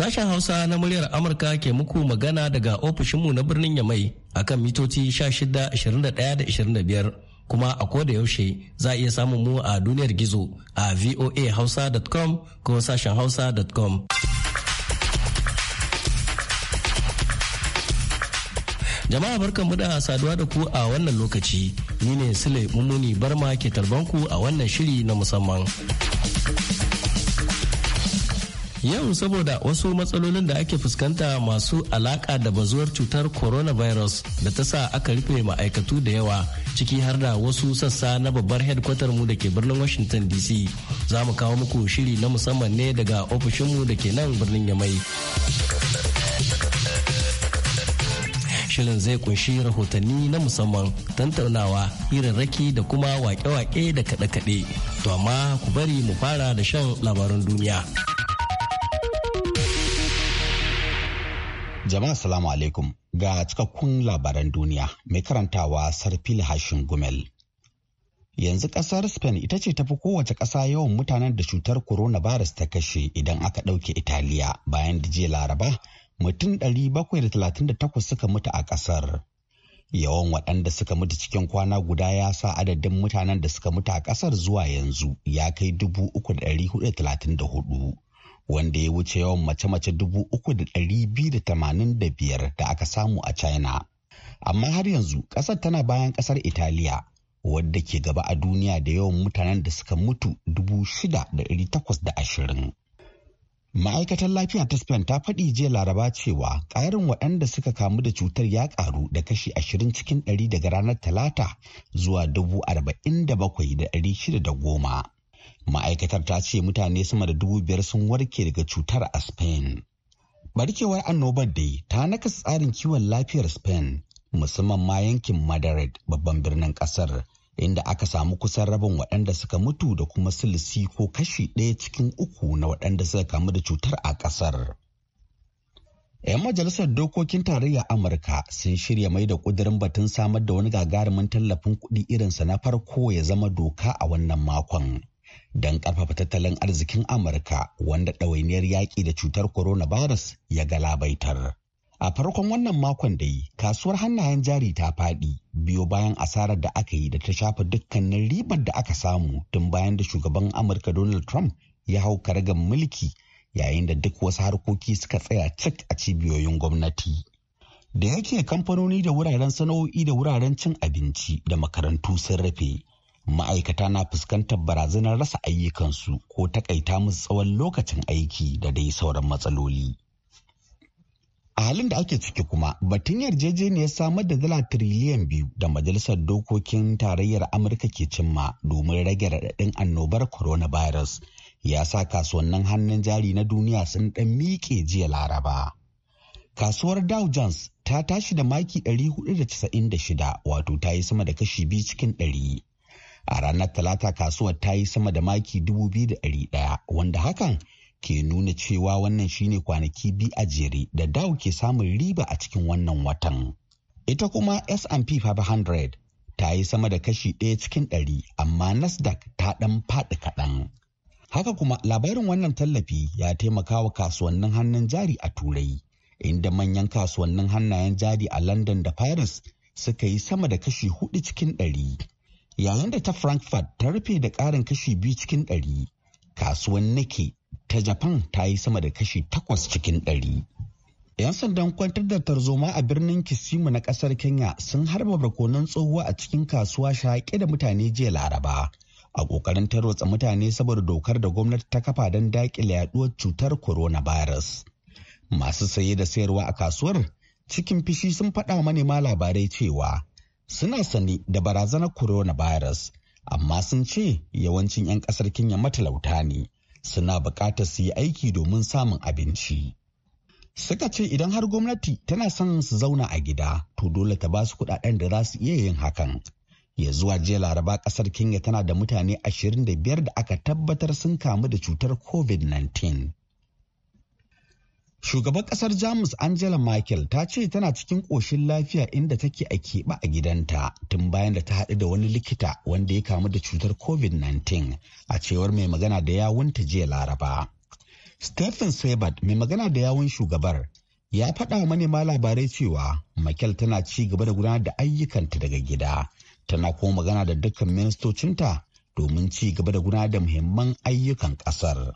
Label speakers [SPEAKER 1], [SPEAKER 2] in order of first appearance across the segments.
[SPEAKER 1] Sashen Hausa na muryar Amurka ke muku magana daga ofishinmu na birnin Yamai akan mitoci 16, 21 25. kuma a koda yaushe za a iya samun mu a duniyar gizo a voahausa.com ko sashen hausa.com. jama'a barkan mu da saduwa da ku a wannan lokaci ni ne sule mummuni barma ke tarbanku a wannan shiri na musamman. Yau saboda wasu matsalolin da ake fuskanta masu alaka da bazuwar cutar coronavirus da ta sa aka rufe ma'aikatu da yawa ciki har da wasu sassa na babbar headquarter mu da ke birnin Washington DC. Za mu kawo muku shiri na musamman ne daga ofishinmu da ke nan birnin Yamai. Shirin zai kunshi rahotanni na musamman tantaunawa hirarraki da kuma wake-wake
[SPEAKER 2] da kaɗe-kaɗe. To amma ku bari mu fara da shan labaran duniya. Jama'a salamu alaikum ga cikakkun labaran duniya mai karantawa Sarfil Hashin Gumel. Yanzu kasar Spain ita ce tafi kowace ƙasa yawan mutanen da cutar corona coronavirus ta kashe idan aka ɗauke Italiya bayan da jiya Laraba mutum 738 suka mutu a ƙasar. Yawan waɗanda suka mutu cikin kwana guda ya sa adadin mutanen da suka mutu a ƙasar zuwa yanzu ya kai 3,434. wanda ya wuce yawan mace-mace dubu uku da ɗari biyu da tamanin da biyar da aka samu a china amma har yanzu ƙasar tana bayan ƙasar italiya wadda ke gaba a duniya da yawan mutanen da suka mutu dubu shida da dari takwas da ashirin ma'aikatar lafiya ta spain ta faɗi jiya laraba cewa ƙarin waɗanda suka kamu da cutar ya ƙaru da kashi ashirin cikin ɗari daga ranar talata zuwa dubu arba'in da bakwai da ɗari shida da goma ma'aikatar ta ce mutane sama da dubu biyar sun warke daga cutar a spain barkewar annobar dai ta naka tsarin kiwon lafiyar spain musamman ma yankin madrid babban birnin kasar inda aka samu kusan rabin waɗanda suka mutu da kuma silisi ko kashi ɗaya cikin uku na waɗanda suka kamu da cutar a ƙasar. 'Yan majalisar dokokin tarayya Amurka sun shirya mai da ƙudurin batun samar da wani gagarumin tallafin kuɗi irinsa na farko ya zama doka a wannan makon. don ƙarfafa tattalin arzikin Amurka wanda ɗawainiyar yaƙi da cutar coronavirus ya galabaitar. A farkon wannan makon da yi, kasuwar hannayen jari ta faɗi biyo bayan asarar da aka yi da ta shafa dukkanin ribar da aka samu tun bayan da shugaban Amurka Donald Trump ya hau karagar mulki yayin da duk wasu harkoki suka tsaya cik a cibiyoyin gwamnati. Da yake kamfanoni da wuraren sana'o'i da wuraren cin abinci da makarantu sun rufe, ma'aikata na fuskantar barazanar rasa ayyukansu ko takaita musu tsawon lokacin aiki da dai sauran matsaloli. A halin da ake ciki kuma batun yarjejeniyar samar da dala tiriliyan biyu da Majalisar Dokokin Tarayyar Amurka ke cimma domin rage raɗaɗin annobar coronavirus ya sa kasuwannin hannun jari na duniya sun ɗan miƙe jiya Laraba. Kasuwar Dow Jones ta tashi da maki 496 wato ta yi sama da kashi biyu cikin ɗari. a ranar talata kasuwar ta yi sama da maki dubu biyu da ɗaya wanda hakan ke nuna cewa wannan shine kwanaki biyu a jere da dawo ke samun riba a cikin wannan watan ita kuma S&P 500 ta yi sama da kashi ɗaya cikin ɗari amma nasdaq ta ɗan faɗi kaɗan haka kuma labarin wannan tallafi ya taimaka wa kasuwannin hannun jari a turai inda manyan kasuwannin hannayen jari a london da paris suka yi sama da kashi hudu cikin ɗari yayin da ta frankfurt ta rufe da ƙarin kashi biyu cikin ɗari kasuwan nake ta japan ta yi sama da kashi takwas cikin ɗari 'yan sandan kwantar da tarzoma a birnin kisimu na ƙasar kenya sun harba barkonon tsohuwa a cikin kasuwa shaƙe da mutane jiya laraba a ƙoƙarin tarwatsa mutane saboda dokar da gwamnati ta kafa don daƙile yaduwar cutar coronavirus masu saye da sayarwa a kasuwar cikin fishi sun faɗa manema labarai cewa suna sani da barazanar coronavirus amma sun ce yawancin 'yan kasar kinya matalauta ne suna bukatar su yi aiki domin samun abinci suka ce idan har gwamnati tana son su zauna a gida to dole ta ba su kudaden da za su iya yin hakan ya zuwa jiya laraba kasar kinya tana da mutane 25 da aka tabbatar sun kamu da cutar covid-19 Shugaban kasar Jamus Angela Merkel ta ce tana cikin ƙoshin lafiya inda take a keɓe a gidanta tun bayan da ta haɗu da wani likita wanda ya kamu da cutar COVID-19 a cewar mai magana da yawunta jiya Laraba. Stephen Sebert mai magana da yawun shugabar ya faɗa manema labarai cewa Merkel tana ci gaba da gudanar da ayyukanta daga gida. Tana kuma magana da dukkan ministocinta domin ci gaba da gudanar da muhimman ayyukan ƙasar.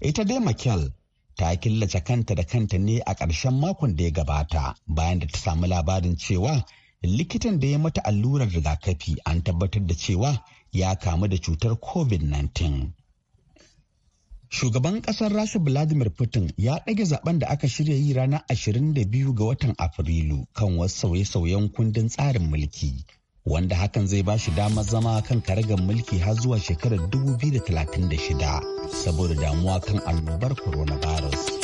[SPEAKER 2] Ita dai Merkel ta killace kanta da kanta ne a ƙarshen makon da ya gabata bayan da ta samu labarin cewa likitan da ya mata allurar rigakafi an tabbatar da cewa ya kamu da cutar covid-19 shugaban ƙasar rasha vladimir putin ya ɗage zaben da aka shirya yi ranar 22 ga watan afrilu kan wasu sauye-sauyen kundin tsarin mulki wanda hakan zai ba shi damar zama kan karagar mulki har zuwa shekarar 2036 saboda damuwa kan annobar coronavirus.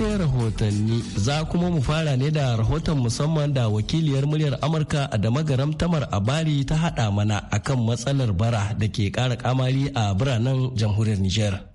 [SPEAKER 1] sai rahotanni za kuma mu fara ne da rahoton musamman da wakiliyar muryar amurka a damagaram tamar abari ta hada mana akan matsalar bara da ke kara kamari a biranen jamhuriyar nijar.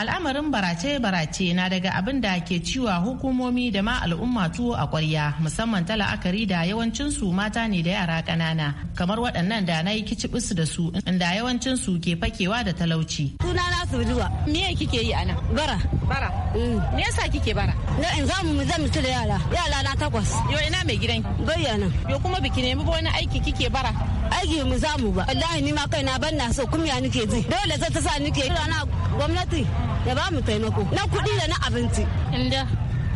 [SPEAKER 3] al'amarin barace-barace na daga abin da ke ciwa hukumomi da ma al'umma tuwo a kwarya musamman ta la'akari da yawancinsu mata ne da yara ƙanana kamar waɗannan da na yi kicibis da su inda yawancinsu ke fakewa da talauci. sunana su zuwa me kike yi ana bara bara mm. me yasa kike bara na in za mu zan mutu da yara yara na takwas yo ina mai gidan bayyana yo kuma biki nemi wani aiki kike bara aiki mu samu ba wallahi ni ma kai na ban na so kumiya nake ji dole zai ta sa nake kira na gwamnati ya ba mu taimako na kuɗi da na abinci inda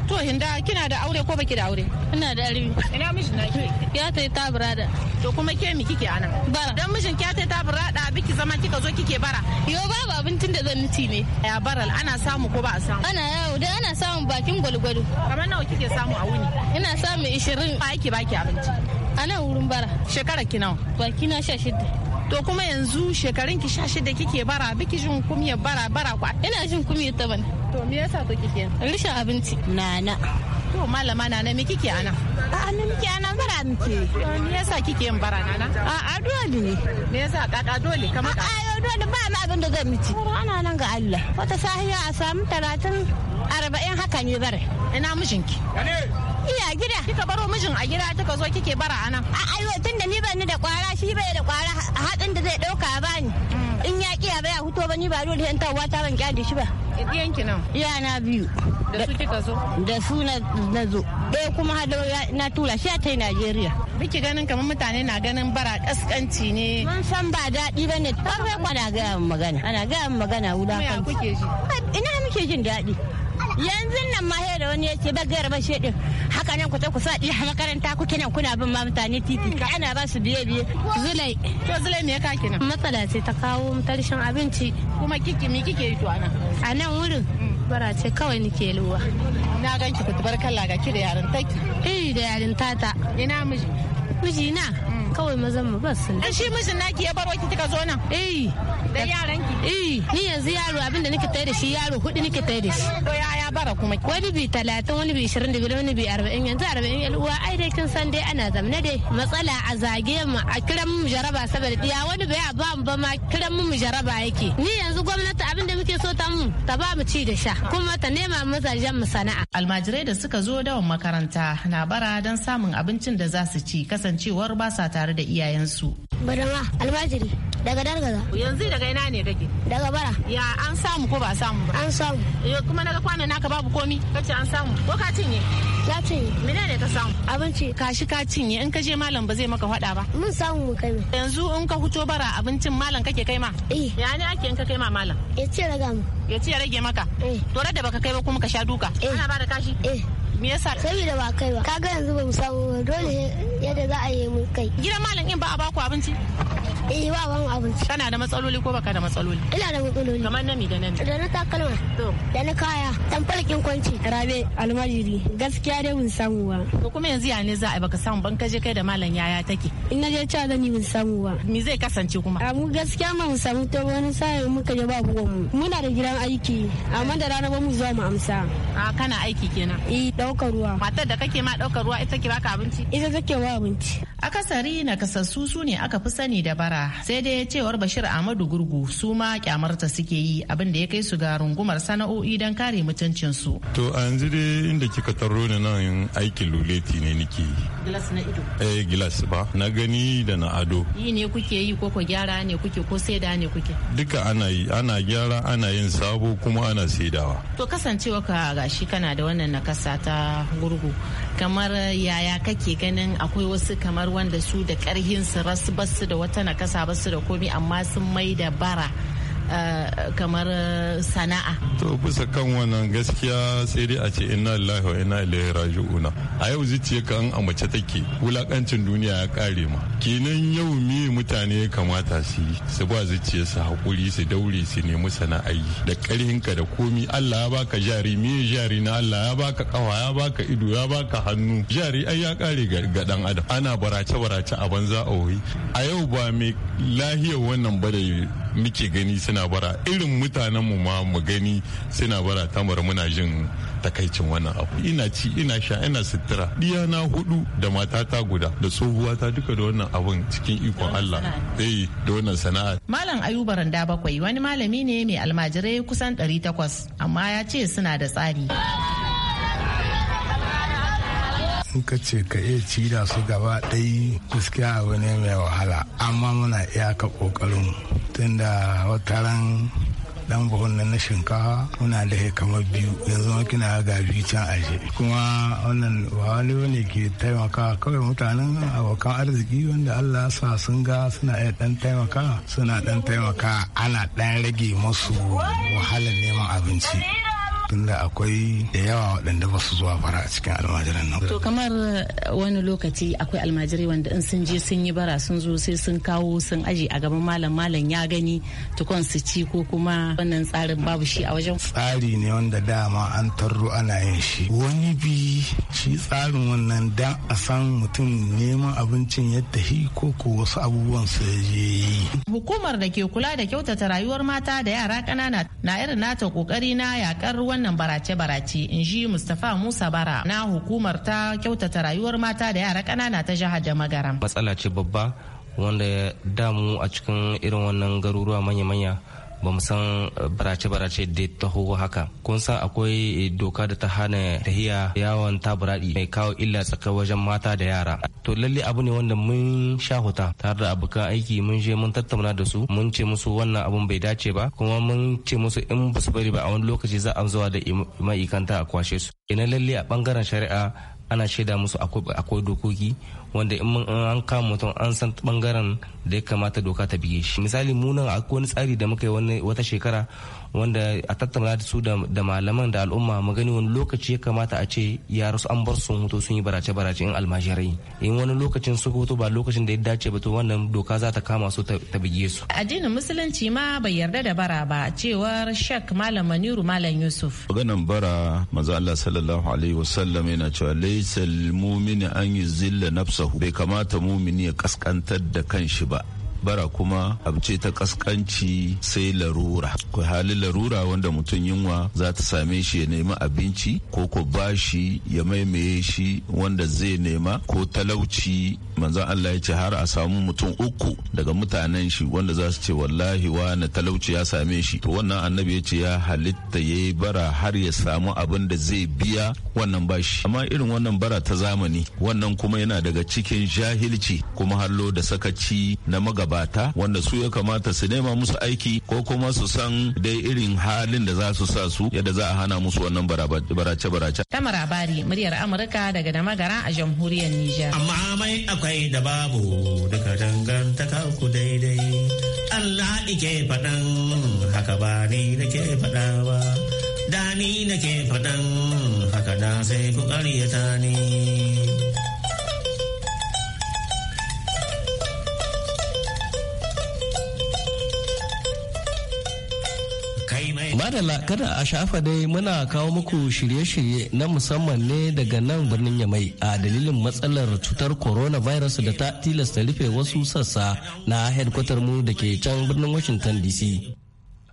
[SPEAKER 3] to hinda kina da aure ko baki da aure ina da aure ina mijin naki ya tai ta burada to kuma ke mi kike anan bara dan mijin ya tai ta burada biki zama kika zo kike bara yo babu abincin da zan ci ne ya baral ana samu ko ba a samu ana yawo dai ana samu bakin gwalgwalo kamar nawa kike samu a wuni ina samu 20 ba yake baki abinci a nan wurin bara shekara ki nawa baki na sha shida to kuma yanzu shekarun ki sha shida kike bara biki jin kumiyar bara bara kwa ina jin kumiyar ta bane to me yasa to kike rishin abinci nana to malama nana me kike ana a nan kike ana bara muke me yasa kike yin bara nana a a dole ne me yasa kaka dole kamar a a dole ba ma abin da zan miji ana nan ga Allah wata sahiya a samu talatin arba'in haka ne bare ina mijinki iya gida kika baro mijin a gida kika zo kike bara anan a tun da ni bani da kwara shi bai da kwara hadin da zai dauka bani mm. in ya kiya ba ya huto ba ni ba dole yan tawa ta ban kyade shi ba idiyan ki nan iya na biyu da su kika zo da su na zo ɗaya kuma hado na tura shi a tai Najeriya biki ganin kamar mutane na ganin bara kaskanci ne mun san ba daɗi bane ba kai kwana ga magana ana ga magana wuda kan ina muke jin daɗi yanzu nan ma da wani yace ba gaira ba shedin haka nan ku ta ku sa ɗi makaranta ku kenan kuna bin ma mutane titi ka ana ba su biye biye zulai to zulai me ka kina matsala ce ta kawo tarshen abinci kuma kiki mi kike yi to ana a nan wurin mm. bara ce kawai nike luwa na ganki ku tabarkalla ga ki da yarin taki eh da yarin tata ina miji miji na mm. kawai mazan mu bas. su nan shi mijin naki ya bar waki kika zo nan eh da yaran ki eh ni yanzu yaro abinda nake tayar da shi yaro hudu nake tayar da shi to ya ya bara kuma wani bi 30 wani bi 20 wani bi 40 yanzu 40 yan uwa ai dai kin san dai ana zamne dai matsala a zage mu a kiran mu jaraba saboda diya wani bai ba mu ba ma kiran mu mu jaraba yake ni yanzu gwamnati abinda muke so ta mu ta ba mu ci da sha kuma ta nema mazajen mu sana'a almajirai da suka zo dawon makaranta na bara don samun abincin da za su ci kasancewar ba sa tare da iyayensu. Barama almajiri daga dargaza. Yanzu daga ina ne kake? Daga bara. Ya an samu ko ba samu ba? An samu. Eh, kuma naga kwanan naka babu komi kace an samu ko ka cinye? Ya cinye. Mene ne ka samu? Abinci. Kashi ka cinye in ka je malam ba zai maka faɗa ba. Mun samu mu kai. Yanzu in ka huto bara abincin malam kake kai ma? Eh. Ya ne ake in ka kai ma malam? Ya ce rage mu. Ya ce rage maka? Eh. To da baka kai ba kuma ka sha duka. Eh. Ana ba da kashi? Eh. me yasa saboda ba kai ba kaga yanzu ba mu samu dole yadda za a yi mu kai gidan malam in ba a baku abinci eh ba ban abinci kana da matsaloli ko baka da matsaloli ina da matsaloli kamar nami da nami da na takalma to da na kaya dan farkin kwanci rabe almajiri gaskiya dai mun samu ba to kuma yanzu ya ne za a baka samu ban kaje kai da malam yaya take in na je cewa da ni mun samu ba me zai kasance kuma a mu gaskiya ma mun samu to wani sai mun je ba buwan mu muna da gidan aiki amma da rana ba mu zuwa mu amsa a kana aiki kenan eh ɗaukar ruwa matar da kake ma ɗaukar ruwa ita ke baka abinci ita take wa abinci Akasari nakasassu su ne aka fi sani da bara sai dai cewar Bashir Ahmadu Gurgu su ma kyamarta suke yi abin da ya kai su ga rungumar sana'o'i don kare mutuncinsu.
[SPEAKER 4] To a yanzu dai inda kika taro ni nan aikin luleti ne nike. Gilas na ido? Eh gilas ba na gani da na ado.
[SPEAKER 3] Yi ne kuke yi ko ko gyara ne kuke ko saida ne kuke?
[SPEAKER 4] Duka ana yi ana gyara ana yin sabo kuma ana saidawa.
[SPEAKER 3] To kasancewa ka gashi kana da wannan nakasa ta gurgu kamar yaya kake ganin akwai wasu kamar wanda su da karhin su rasu basu da wata nakasa basu da komi amma sun mai da bara Eh, kamar eh, sana'a
[SPEAKER 4] to bisa kan wannan gaskiya sai dai a ce inna lillahi wa inna ilaihi raji'una a yau zuciya kan a mace take wulakancin duniya ya kare ma kenan yau me mutane ya kamata su yi su ba zuciya su hakuri su daure su nemi sana'a yi da ka da komi Allah ya baka jari me jari na Allah ya baka kawa ya baka ido ya baka hannu jari ai ya kare ga dan adam ana barace barace a banza a a yau ba mai lahiyar wannan ba da muke gani suna bara irin mutanen mu ma mu gani suna bara tamar muna jin takaicin wannan abu ina ci ina sha ina sutura na hudu da matata guda da tsohuwata duka da wannan abun cikin ikon Allah eh da wannan sana'a
[SPEAKER 3] malam ayuba randa bakwai wani malami ne mai almajirai kusan 800 amma ya ce suna da tsari
[SPEAKER 5] in ka ce ka iya ci su gaba ɗai gaskiya abu ne mai wahala amma muna iya ka ƙoƙarin tunda wataran dan buhun na shinkafa muna da kamar biyu yanzu kina ga biyu can aje kuma wannan ba wani ne ke taimaka kawai mutanen abokan arziki wanda Allah sa sun ga suna iya dan taimaka suna dan taimaka ana dan rage masu wahalar neman abinci tunda akwai da yawa waɗanda ba su zuwa bara a cikin almajiran
[SPEAKER 3] nan. To kamar eh, wani lokaci akwai almajirai wanda in sun je sun yi bara sun zo sai sun kawo sun aji a gaban malam malam ya gani tukon su ci ko kuma wannan tsarin babu shi a wajen.
[SPEAKER 5] Tsari ne wanda dama an tarro ana yin shi. Wani bi shi tsarin wannan dan a san mutum neman abincin yadda hi ko ko wasu abubuwan su je yi.
[SPEAKER 3] Hukumar da ke kula da kyautata rayuwar mata da yara ƙanana na irin nata kokari na yakar ruwa wannan barace-barace in ji Mustapha Musa Bara na hukumar ta kyautata rayuwar mata da yara kanana ta jihar da magaram.
[SPEAKER 6] Matsala ce babba wanda ya damu a cikin irin wannan garuruwa manya-manya ba mu san eh, barace-barace da taho haka kun san akwai eh, doka da ta hana tahiya yawon taburaɗi mai kawo illa tsaka wajen mata da yara to lalle abu ne wanda mun sha huta tare da abokan aiki mun je mun tattauna da su mun ce musu wannan abun bai dace ba kuma mun ce musu in ba su bari ba a wani lokaci za a zuwa da ma'ikanta a kwashe su ina lalle a bangaren shari'a ana shaida musu akwai dokoki wanda in mun an kama mutum an san bangaren da ya kamata doka ta bige shi misali munan akwai wani tsari da muka yi wata shekara wanda a tattauna da su da malaman da al'umma mu gani wani lokaci ya kamata a ce ya rasu an bar sun hoto sun yi barace barace in almajirai in wani lokacin su hoto ba lokacin da ya dace ba to wannan doka za ta kama su ta bige su
[SPEAKER 3] addinin musulunci ma bai yarda da bara ba cewar shek malam maniru malam yusuf
[SPEAKER 5] maganan bara maza Allah sallallahu alaihi wasallam yana cewa laysal mumini an yi zilla nafsahu bai kamata mumini ya kaskantar da kanshi ba bara kuma abu ce ta kaskanci sai larura ko hali larura wanda mutum yunwa za ta same shi ya nema abinci ko ko bashi ya maimaye shi wanda zai nema ko talauci manzon Allah ya ce har a samu mutum uku daga mutanen shi wanda za su ce wallahi wa na talauci ya same shi to wannan annabi ya ce ya halitta ya yi bara har ya samu abin da zai biya wannan bashi amma irin wannan bara ta zamani wannan kuma yana daga cikin jahilci kuma hallo da sakaci na magaba magabata wanda su ya kamata su nema musu aiki ko kuma su san dai irin halin da za su sa su yadda za a hana musu wannan barace-barace.
[SPEAKER 3] ta marabari muryar Amurka daga Damagara a jamhuriyar niger. Amma
[SPEAKER 5] mai akwai da babu daga dangantaka
[SPEAKER 1] ku daidai. Allah ike faɗan
[SPEAKER 7] haka ba ni nake faɗa
[SPEAKER 6] ba. Da ni nake faɗan haka da sai ku ƙaryata ni.
[SPEAKER 1] Madalla kada a shafa dai muna kawo muku shirye-shirye na musamman ne daga nan birnin Yamai a dalilin matsalar cutar coronavirus da ta tilasta rufe wasu sassa na headquarter mu da ke can birnin Washington DC.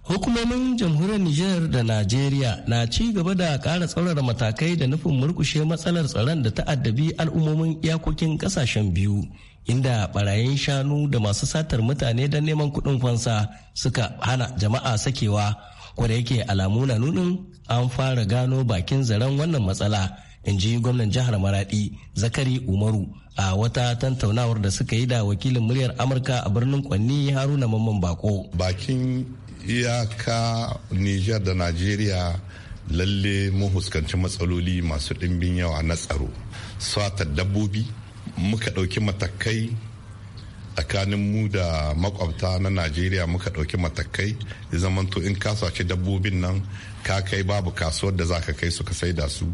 [SPEAKER 1] Hukumomin jamhuriyar Nijar da Najeriya na ci gaba da kara tsaurara matakai da nufin murkushe matsalar tsaron da ta addabi al'ummomin iyakokin kasashen biyu. inda barayin shanu da masu satar mutane don neman kuɗin fansa suka hana jama'a sakewa kwada yake alamu na nunin an fara gano bakin zaren wannan matsala in ji gwamnan jihar maradi zakari umaru a wata tantaunawar da suka yi da wakilin muryar amurka a birnin kwanni haruna mamman bako bakin iyaka niger
[SPEAKER 8] da nigeria lalle mun huskanci matsaloli masu ɗimbin yawa na tsaro sata dabbobi muka ɗauki matakai tsakanin mu da makwabta na najeriya muka ɗauki matakai ya zamanto in kasuwace dabbobin nan ka kai babu kasuwar da za ka kai suka saida su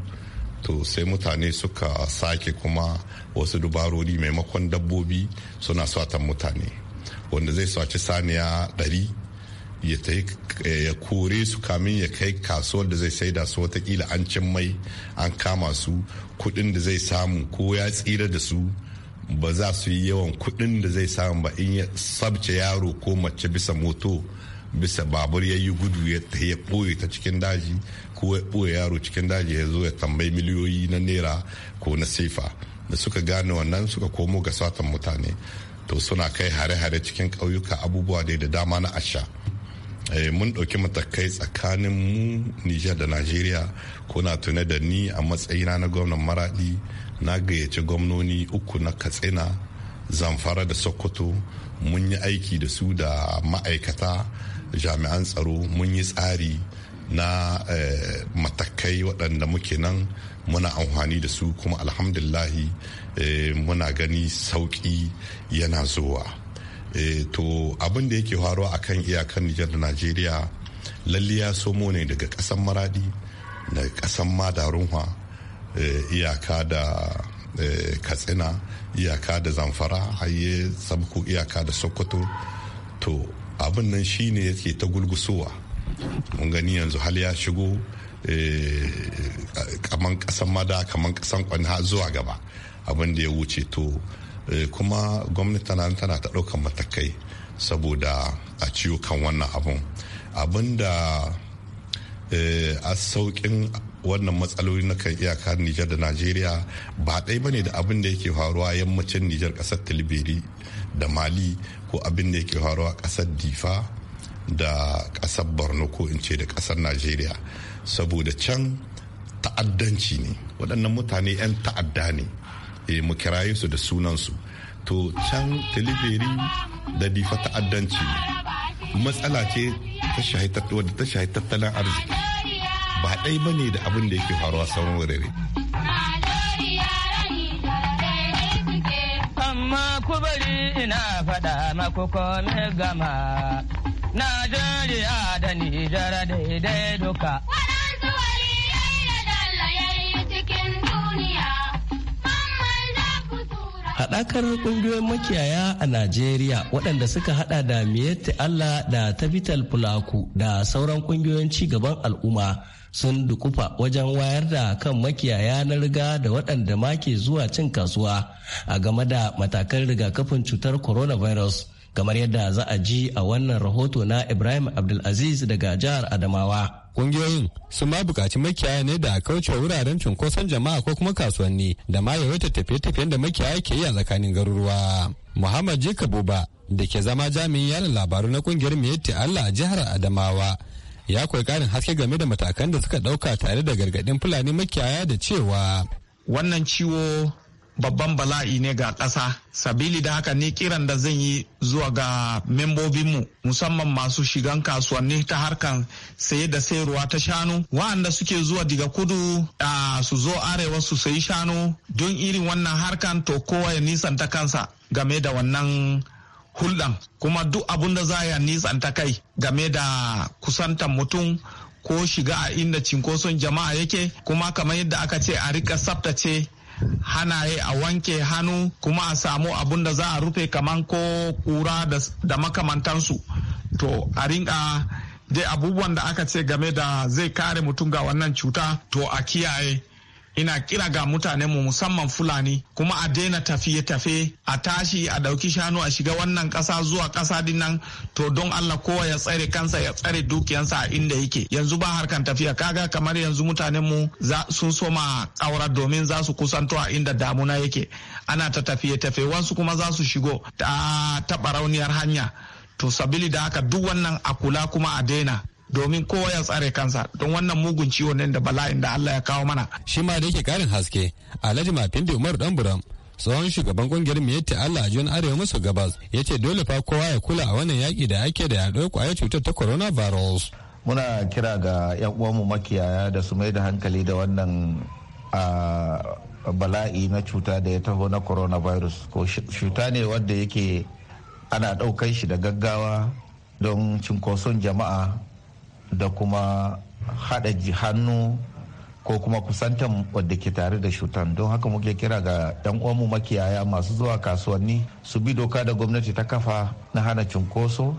[SPEAKER 8] to sai mutane suka sake kuma wasu dubarori maimakon dabbobi suna swatan mutane wanda zai swaci saniya ɗari ya kore su kamin ya kai kasuwar da zai saida su watakila an cin mai an kama su kuɗin da zai samu ko ya tsira da su ba za su yi yawan kuɗin da zai samu ba in ya sabce yaro ko mace bisa moto bisa babur ya yi gudu ya ta ɓoye ta cikin daji ko ya ɓoye yaro cikin daji ya zo ya tambayi miliyoyi na naira ko na sefa da suka gane wannan suka komo ga satan mutane to suna kai hare-hare cikin ƙauyuka abubuwa dai da dama na asha eh, mun ɗauki matakai tsakanin mu nijar da najeriya ko na tune da ni a matsayina na gwamnan maraɗi na gayyaci gwamnoni uku na katsina zamfara da sokoto mun yi aiki da su da ma'aikata jami'an tsaro mun yi tsari na eh, matakai waɗanda muke nan muna amfani da su kuma alhamdulahi eh, muna gani sauƙi yana zuwa eh, to abin da yake faruwa a kan iyakar nijar da najeriya lalliya somo ne daga ƙasan maradi daga ƙasan madarunwa Eh, iyaka da eh, katsina iyaka da zamfara haye sabku iyaka da sokoto to abin nan shine yake ta gulgusowa mun gani yanzu hal ya shigo eh, kaman kasan mada kaman kasan kwana zuwa gaba abin da ya wuce to kuma gwamnati tana tana ta ɗaukan matakai saboda a ciwo kan wannan abun abin da a sauƙin wannan matsaloli na kan iyaka Nijar da Najeriya ba ɗai bane da abin da yake faruwa yammacin Nijar ƙasar tilibiri da Mali ko abin da yake faruwa ƙasar Difa da ƙasar Borno ko in ce da ƙasar Najeriya saboda can ta'addanci ne waɗannan mutane 'yan ta'adda ne eh, mu kiraye su da sunansu to can tilibiri da Difa ta'addanci ne matsala ce ta shahi tattalin arziki ba ɗai ba ne da abin da yake faruwa sauran wurare.
[SPEAKER 6] Amma ku bari ina faɗa maku kome gama, Najeriya da Nijar daidai duka.
[SPEAKER 1] haɗakar ƙungiyoyin makiyaya a Najeriya waɗanda suka haɗa da Miyetti Allah da Tabital Fulaku da sauran ƙungiyoyin ci gaban al'umma sun dukufa wajen wayar da kan makiyaya na riga da waɗanda ma ke zuwa cin kasuwa a game da matakan rigakafin cutar coronavirus kamar yadda za a ji a wannan rahoto na ibrahim abdulaziz daga jihar adamawa
[SPEAKER 9] Ƙungiyoyin sun ma bukaci makiyaya ne da kauce wuraren cunkoson jama'a ko kuma kasuwanni da ma yawaita tafiye-tafiyen da makiyaya ke yi a tsakanin garuruwa. Muhammad Jika Buba da ke zama jami'in yaron labaru na kungiyar Miyetti Allah a jihar Adamawa ya kwai karin haske game da matakan da suka dauka tare da gargadin fulani makiyaya da cewa wannan
[SPEAKER 7] ciwo babban bala'i ne ga ƙasa sabili da haka ne kiran da zan yi zuwa ga membobinmu musamman masu shigan kasuwanni ta harkan saye da sayarwa ta shanu wa'anda suke zuwa daga kudu a su zo arewa su sayi shanu don irin wannan harkan to kowa ya ta kansa game da wannan hulɗan kuma duk abun da za ya nisanta kai game da kusantan mutum ko shiga a inda cinkoson jama'a yake kuma kamar yadda aka ce a rika tsaftace hanaye a wanke hannu kuma a samu abunda da za a rufe kamar ko kura da makamantansu to a rinka dai abubuwan da aka ce game da zai kare mutum ga wannan cuta to a kiyaye ina kira ga mutanen mu musamman fulani kuma a daina tafiye-tafe a tashi a ɗauki shanu a shiga wannan ƙasa zuwa ƙasa dinnan to don Allah kowa ya tsare kansa ya tsare dukiyansa a inda yake yanzu ba harkan tafiya kaga kamar yanzu mutanen mu sun soma ƙaura domin za su kusanto a inda damuna yake ana ta tafiye-tafe wasu kuma za su shigo ta taɓa rauniyar hanya to sabili da haka duk wannan a kula kuma a daina domin kowa ya tsare kansa don wannan mugun ciwo ne da bala'in da Allah ya kawo mana. Shi ma da yake karin haske Alhaji
[SPEAKER 9] Mafindi Umar Danburam tsohon shugaban kungiyar miyatti Allah a jihar Arewa maso gabas ya ce dole fa
[SPEAKER 7] kowa ya kula a wannan yaƙi da ake da yaɗuwar kwayar cutar ta coronavirus. Muna kira ga 'yan uwanmu makiyaya da su mai da hankali da wannan bala'i na cuta da ya taho na coronavirus ko cuta ne wanda yake ana ɗaukar shi da gaggawa don cinkoson jama'a da kuma haɗa hannu ko kuma kusantan wadda ke tare da shutan don haka muke kira ga yan uwanmu makiyaya masu zuwa kasuwanni su bi doka da gwamnati ta kafa na hana cunkoso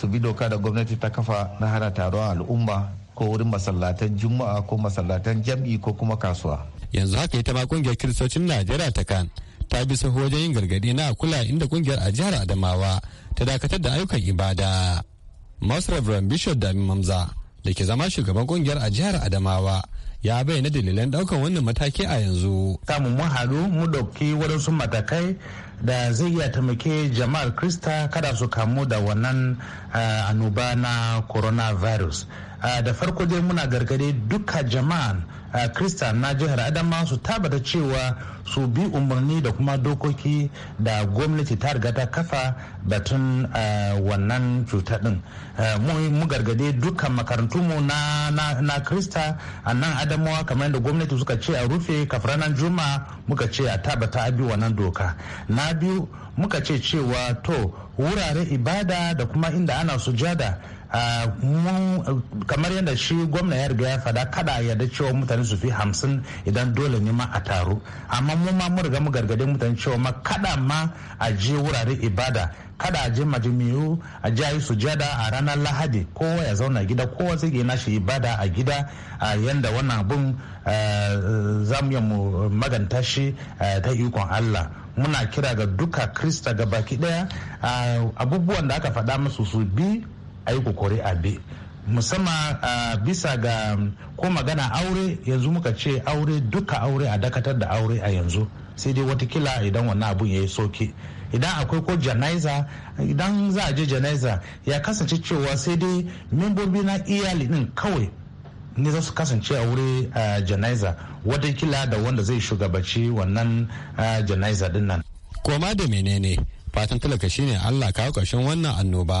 [SPEAKER 7] su bi doka da gwamnati ta kafa na hana taron al'umma ko wurin masallatan juma'a ko masallatan jam'i ko kuma kasuwa yanzu haka ita ma kungiyar kiristocin najeriya ta kan ta bi sahu wajen yin gargadi na kula inda kungiyar a jihar adamawa
[SPEAKER 9] ta dakatar da ayyukan ibada Most Reverend Bishop Dami Mamza da ke zama shugaban kungiyar a jihar Adamawa ya bayyana dalilan daukan wannan mataki a yanzu. Samu
[SPEAKER 5] mun haɗu mu ɗauki waɗansu matakai da zai iya taimake jama'ar Krista kada su kamu da wannan eh, annoba na coronavirus. Ah, da farko dai muna gargade duka jama'an a krista na jihar adama su tabbata cewa su bi umarni da kuma dokoki da gwamnati ta riga ta kafa batun wannan cuta din mu gargade dukkan makarantu mu na krista a nan adamawa kamar yadda gwamnati suka ce a rufe kafranan juma muka ce a tabbata a bi wannan doka na biyu muka ce cewa to wuraren ibada da kuma inda ana sujada kamar yadda shi gwamna ya riga ya fada kada ya da cewa mutane su fi hamsin idan dole ne ma a taru amma mu ma mu riga mu gargadin mutane cewa ma kada ma a je wurare ibada kada a je majimiyu a je yi sujada a ranar lahadi kowa ya zauna gida kowa zai yi nashi ibada a gida a yanda wannan abun eh, za mu maganta shi eh, ta ikon allah muna kira ga duka krista ga baki daya eh, abubuwan da aka faɗa musu su bi aiko kore a bi musamman uh, bisa ga ko magana aure yanzu muka ce aure duka aure a dakatar da aure a yanzu sai dai watakila idan wannan abun ya yi soke idan akwai ko janaiza idan za a je janaiza ya kasance cewa sai dai membobi na iyali din kawai ne za su kasance a wuri uh, janaiza watakila da wanda zai shugabaci wannan uh, janaiza din nan koma da menene fatan talaka shine allah
[SPEAKER 9] kawo karshen wannan annoba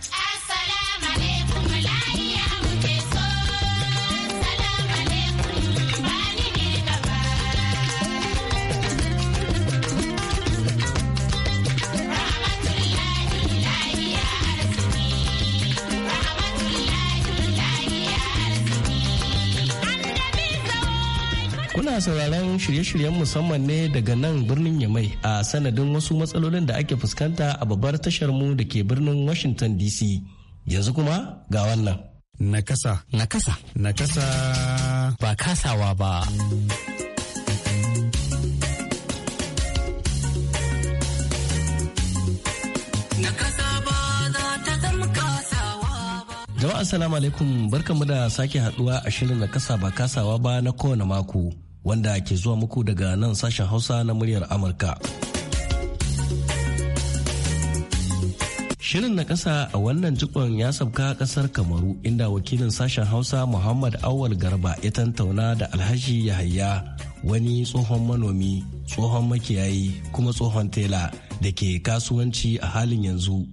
[SPEAKER 1] Ana sauraron shirye-shiryen musamman ne daga nan birnin Yamai a sanadin wasu matsalolin da ake fuskanta a babbar tashar mu da ke birnin Washington DC. Yanzu
[SPEAKER 6] kuma ga wannan. Nakasa.
[SPEAKER 10] Nakasa. Nakasa. Ba kasawa
[SPEAKER 6] ba.
[SPEAKER 1] Jama'a assalamu alaikum barkamu da sake haduwa a shirin na kasa ba kasawa ba na kowane mako wanda ke zuwa muku daga nan sashen Hausa na muryar Amurka. Shirin na ƙasa a wannan jikon ya sabka ƙasar Kamaru inda wakilin sashen Hausa Muhammad Awal Garba ya tantauna da Alhaji Yahaya wani tsohon manomi, tsohon makiyayi kuma tsohon tela da ke kasuwanci a halin yanzu.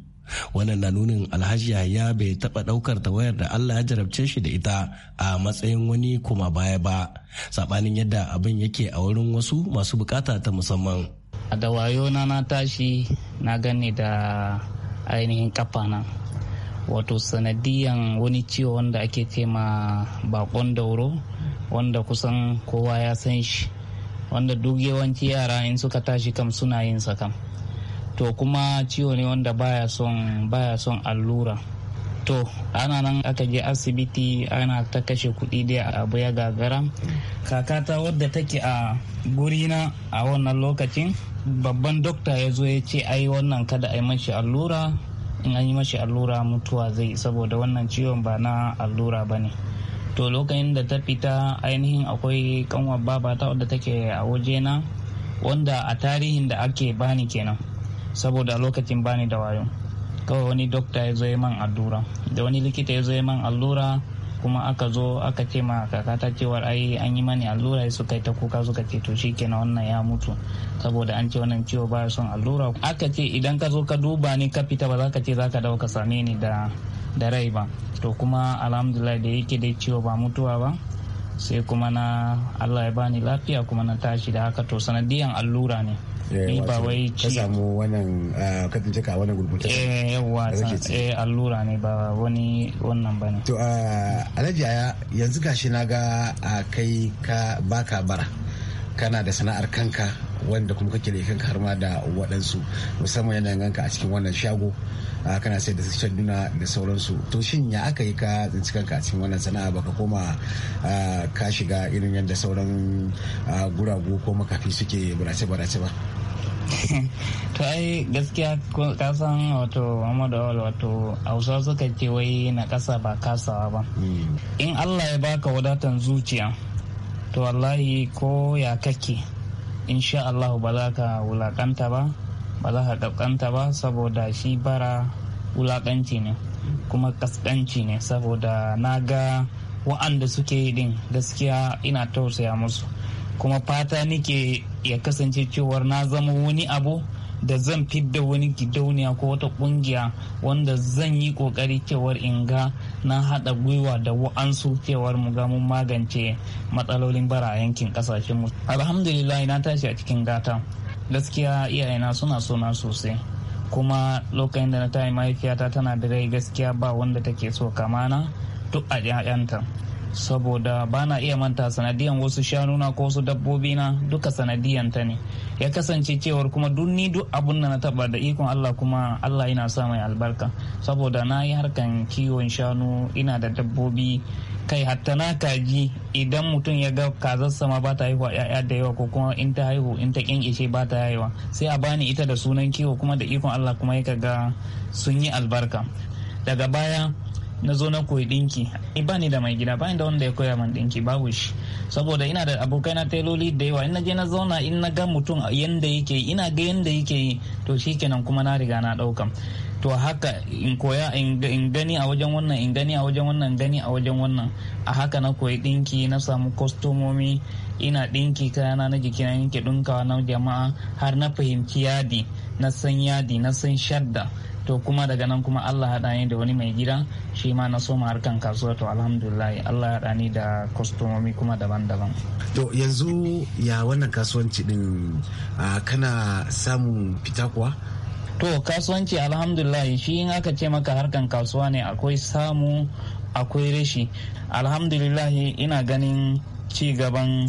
[SPEAKER 1] wannan na nunin alhaji yahaya bai taɓa ɗaukar wayar da allah ya jarabce shi da ita a matsayin wani kuma baya ba saɓanin yadda abin yake a wurin wasu
[SPEAKER 10] masu bukata ta musamman a da wayo na na tashi na gane da ainihin kafa na wato sanadiyan wani ciwo wanda ake ce bakon dauro wanda kusan kowa ya san shi wanda duk yawanci yara in suka tashi kam suna yin sa kam to kuma ciwo ne wanda baya son baya son allura to ana nan aka je asibiti ana ta kashe kudi dai abu ya gagara kakata wadda take a gurina a wannan lokacin babban dokta ya zo ya ce ai wannan kada a yi mashi allura in an yi mashi allura mutuwa zai saboda wannan ciwon ba na allura ba ne to lokacin da ta fita ainihin akwai kanwar babata wadda take a waje na wanda a tarihin da ake bani kenan saboda lokacin bani da wayo kawai wani dokta ya zo ya man allura da wani likita ya zo ya man allura kuma aka zo aka ce ma kakata cewa ai an yi mani allura suka yi ta kuka suka ce to kenan wannan ya mutu saboda an ce wannan ciwo baya son allura aka ce idan ka zo ka duba ni ka fita ba za ka ce za ka dauka same ni da da rai ba to kuma alhamdulillah da yake dai ciwo ba mutuwa ba sai kuma na allah ya bani lafiya kuma na tashi da haka to sanadiyan allura ne Eh, ni ba wai ci ka
[SPEAKER 2] samu wannan ah, ka ka wannan gurgutar eh eh
[SPEAKER 10] allura ne ba wani wannan bane to ah, alhaji aya yanzu gashi na ga ah, kai
[SPEAKER 2] ka baka bara kana da sana'ar kanka wanda kuma kake da kanka har ma da waɗansu musamman yana ganka a cikin wannan shago kana sai da shadduna da sauransu to shin ya aka yi ka tsinci kanka a cikin wannan sana'a baka koma ka shiga irin yadda sauran guragu ko makafi suke barace-barace ba
[SPEAKER 10] to ai gaskiya kasan wato Muhammadu Awal wato Hausa suka ce wai na kasa ba kasawa ba
[SPEAKER 2] hmm.
[SPEAKER 10] in Allah ya baka wadatan zuciya to wallahi ko ya kake insha Allah ba za ka wulakanta ba ba za ka kaskanta ba saboda shi bara wulakanci ne kuma kaskanci ne saboda na ga wa'anda suke yi din gaskiya ina tausaya musu kuma fata nike ya kasance cewar na zama wani abu da zan fidda wani gidauniya ko wata kungiya wanda zan yi kokari cewar inga na haɗa gwiwa da wa'ansu cewar mu ga mun magance matsalolin bara a yankin kasashenmu alhamdulillah na tashi a cikin gata gaskiya iyayena suna sona sosai kuma lokacin da na tayi mahaifiyata tana da rai gaskiya ba wanda take so kamana duk a 'ya'yanta saboda ba na iya manta sanadiyan wasu shanuna ko wasu dabbobi na duka sanadiyan ta ne ya kasance cewar kuma duk ni duk abun da na taba da ikon Allah kuma Allah yana sa mai albarka saboda na yi harkan kiwon shanu ina da dabbobi kai hatta na kaji idan mutum ya ga kazarsa ma ba ta haihuwa ya'ya da yawa ko kuma in ta haihu in ta kyankyashe ba ta haihuwa sai a bani ita da sunan kiwo kuma da ikon Allah kuma ya ga sun yi albarka daga baya na zo na koyi dinki eh, ba ni da mai gida ba ni da wanda ya koya man dinki babu shi saboda ina da abokai na tailoli da yawa in na je na zauna in na ga mutum yanda yake ina ga yanda yake yi to shikenan kuma na riga na dauka to haka in koya in gani a wajen wannan in gani a wajen wannan gani a wajen wannan a haka na koyi dinki na samu kostomomi ina dinki kayana na jiki na yanke dinkawa na jama'a har na fahimci yadi na san yadi na san shadda to kuma daga nan kuma Allah haɗa ni da wani mai gida shi ma na soma harkan kasuwa to alhamdulillah Allah haɗa ni da kwastomomi kuma daban-daban. To yanzu ya wannan kasuwanci din kana samun fita kuwa? To kasuwanci alhamdulillah shi in aka ce maka harkan kasuwa ne akwai samu akwai rashi. Alhamdulillah ina ganin ci gaban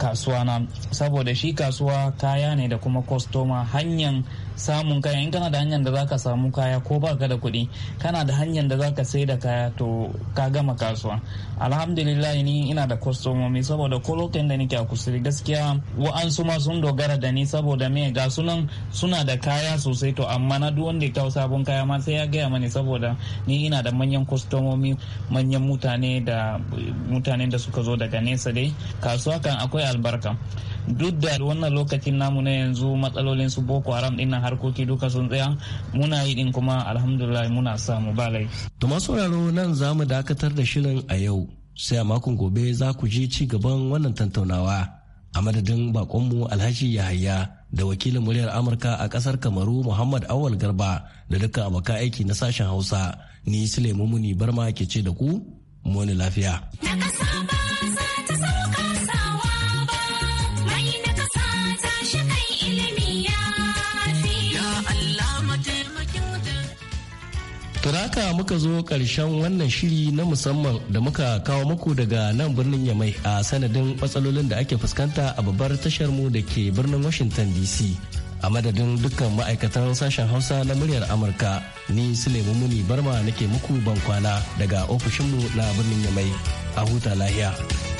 [SPEAKER 10] kasuwa na saboda shi kasuwa kaya ne da kuma kwastoma hanyar samun kaya in kana da hanyar da zaka samu kaya ko baka da kuɗi kana da hanyar da zaka sai da kaya to ka gama kasuwa alhamdulillah ni ina da kwastomomi saboda ko lokacin da nake a kusuri gaskiya wa'ansu ma sun dogara da ni saboda me ga sunan suna da kaya sosai to amma na duk wanda ya kawo sabon kaya ma sai ya gaya mani saboda ni ina da manyan kwastomomi manyan mutane da mutanen da suka zo daga nesa dai kasuwa kan akwai albarka duk da wannan lokacin namu na yanzu matsalolin su boko haram dinnan harkoki duka sun tsaya muna yi din kuma alhamdulillah muna samu balai. tuma to
[SPEAKER 1] nan za mu dakatar da shirin a yau sai a makon gobe za ku je ci gaban wannan tantaunawa a madadin bakonmu alhaji yahaya da wakilin muryar amurka a kasar kamaru muhammad awal garba da dukkan abokan aiki na sashen hausa ni sulaimu muni barma ke ce da ku muni lafiya. haka muka zo ƙarshen wannan shiri na musamman da muka kawo muku daga nan birnin Yamai a sanadin matsalolin da ake fuskanta a babbar tashar mu da ke birnin Washington DC. A madadin dukkan ma'aikatan sashen Hausa na muryar Amurka, ni Sulaimu Muni Barma nake muku bankwana daga ofishinmu na birnin Yamai. A huta lahiya.